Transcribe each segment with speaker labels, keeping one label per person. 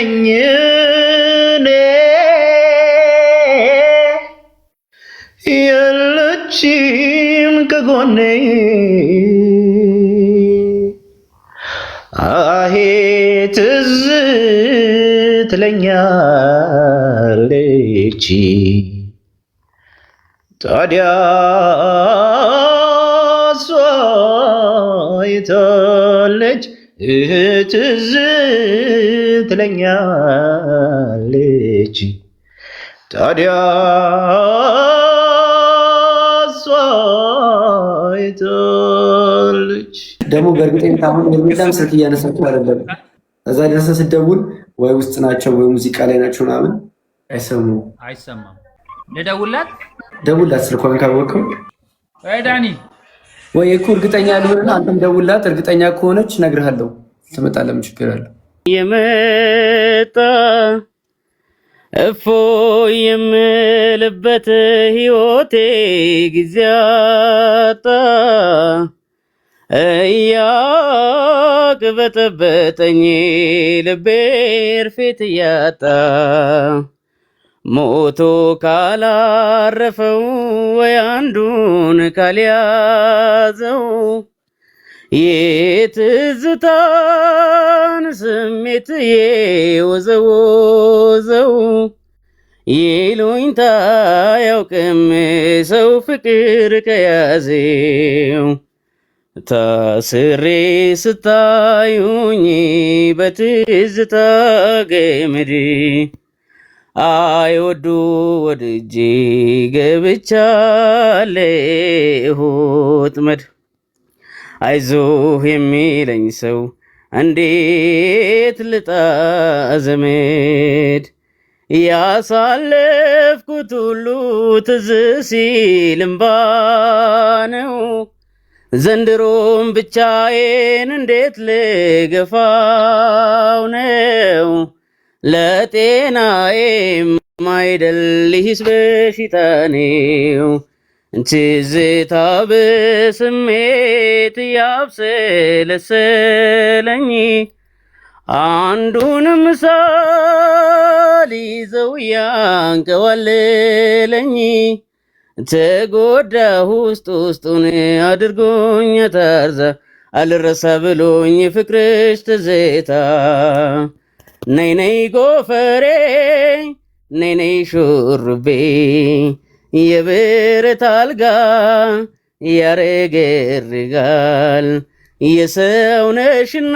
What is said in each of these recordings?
Speaker 1: ነኝ እኔ የለችም ከጎኔ አሄ ትዝ ትለኛለች ታዲያ እሷ የታለች ትዝ ትለኛለች ታዲያ ሷይታለች።
Speaker 2: ደግሞ በእርግጠኝነት አሁን እርሜታም ስልክ እያነሳችሁ አይደለም። እዛ ደረሰ ስደውል ወይ ውስጥ ናቸው ወይ ሙዚቃ ላይ ናቸው ምናምን አይሰሙ
Speaker 3: አይሰማም። ልደውልላት፣
Speaker 2: ደውልላት ስልኳን ካወቀው ዳኒ ወይ እኮ እርግጠኛ ልሆንና አንተም ደውላት። እርግጠኛ ከሆነች እነግርሃለሁ። ትመጣ ለምን ችግር አለ?
Speaker 1: የመጣ እፎ የምልበት ህይወቴ ጊዜ አጣ እያቅበጠበጠኝ ልቤ እርፊት እያጣ ሞቶ ካላረፈው ወይ አንዱን ካልያዘው የትዝታን ስሜት የወዘወዘው ይሉኝታ ያውቅም ሰው ፍቅር ከያዘው ታስሬ ስታዩኝ በትዝታ ገመድ አይወዱ ወድጄ ገብቻለሁ ወጥመድ አይዞህ የሚለኝ ሰው እንዴት ልጣ ዘመድ ያሳለፍኩት ሁሉ ትዝ ሲል እምባ ነው። ዘንድሮም ብቻዬን እንዴት ልገፋው ነው? ለጤናዬም ማይደልህስ በሽታኔው ትዝታ በስሜት ያብሰለሰለኝ አንዱንም ሳል ይዘው ያንከዋለለኝ ተጎዳ ውስጥ ውስጡን አድርጎኝ ታርዛ አልረሳ ብሎኝ ፍቅርሽ ትዝታ ነይ ነይ ጎፈሬ ነይ ነይ ሹርቤ የብረት አልጋ ያረገርጋል የሰው ነሽና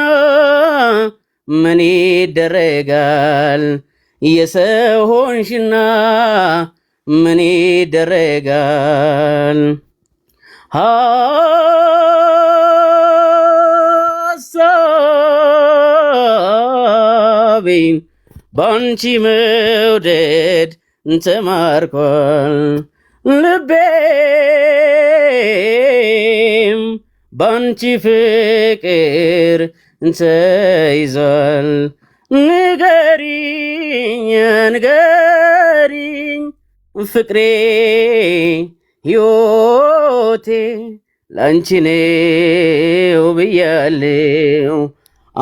Speaker 1: ምን ይደረጋል የሰው ሆንሽና ምን ይደረጋል ሀሳቤን ባንቺ መውደድ ተማርኳል ልቤም ባንቺ ፍቅር እንተይዟል። ንገሪኝ ንገሪኝ ፍቅሬ ሕይወቴ ላንቺ ነው ብያለው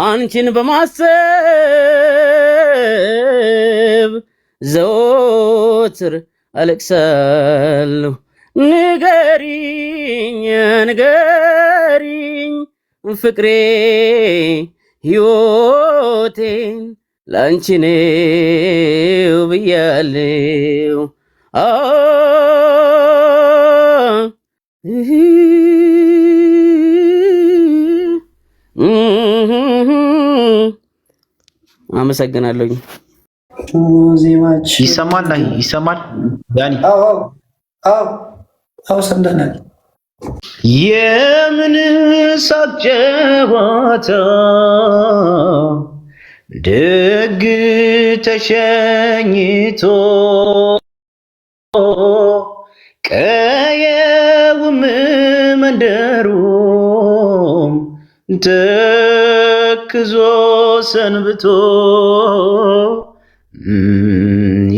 Speaker 1: አንቺን በማሰብ ሳስብ ዘወትር አለቅሳለሁ። ንገሪኝ ንገሪኝ ፍቅሬ ሕይወቴን ላንቺ ነው ብያለው።
Speaker 3: አመሰግናለሁኝ። ይሰማል ላይ ይሰማል።
Speaker 2: ዳኒ አዎ ሰምተናል።
Speaker 1: የምን ሳቅ ጨዋታ ደግ ተሸኝቶ ቀየውም መንደሩም ተክዞ ሰንብቶ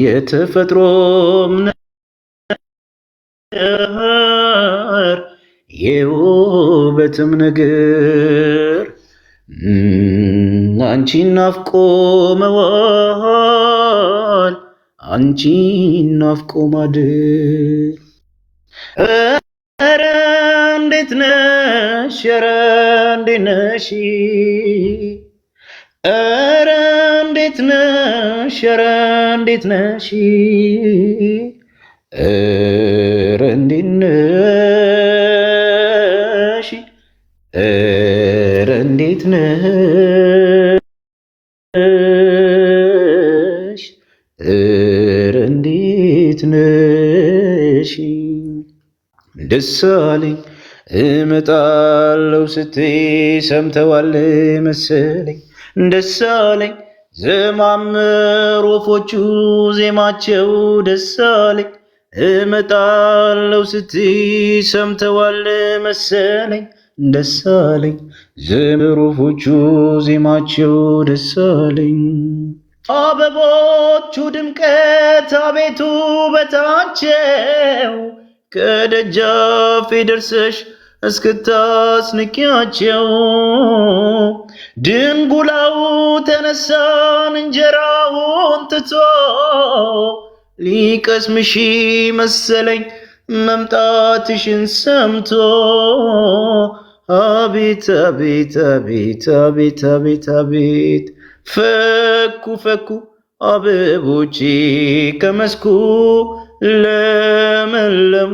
Speaker 1: የተፈጥሮም ነገር የውበትም ነገር አንቺ ናፍቆ መዋል አንቺ ናፍቆ ማደር እንዴት ነሽ? ኧረ እንዴት ነሽ? ኧረ እንዴት ነሽ? ኧረ እንዴት ነሽ? ኧረ እንዴት ነሽ? ኧረ እንዴት ነሽ? ኧረ እንዴት ነሽ? ደስ አለኝ እመጣለው ስቴ ሰምተዋል መሰለኝ ደሳለኝ ዘማምር ወፎቹ ዜማቸው ደሳለኝ እመጣለው ስቲ ሰምተዋል መሰለኝ ዘምር ወፎቹ ዜማቸው ደሳለኝ አበቦቹ ድምቀት አቤቱ በታቸው ከደጃፊ ደርሰሽ እስክታስንቂያቸው ድንጉላው ተነሳን እንጀራውን ትቶ ሊቀስምሽ መሰለኝ መምጣትሽን ሰምቶ አቤት አቤት አቤት አቤት አቤት አቤት ፈኩ ፈኩ አበቦቼ ከመስኩ ለመለሙ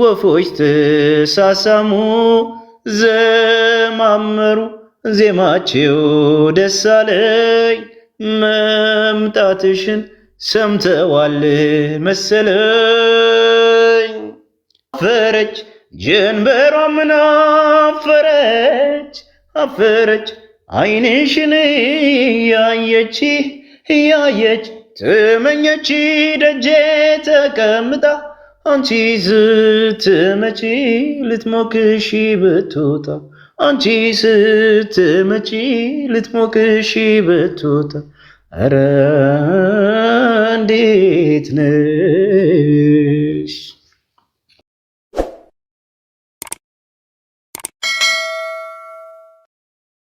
Speaker 1: ወፎች ትሳሳሙ ዘማመሩ ዜማቸው ደስ አለኝ መምጣትሽን ሰምተዋል መሰለኝ። አፈረች ጀንበሯ ምን አፈረች አፈረች ዓይንሽን ያየች ያየች ትመኘች ደጄ ተቀምጣ አንቺ ስትመጪ ልትሞቅሺ ብትወጣ አንቺ ስትመጪ ልትሞቅሺ ብትወጣ ኧረ እንዴት ነሽ?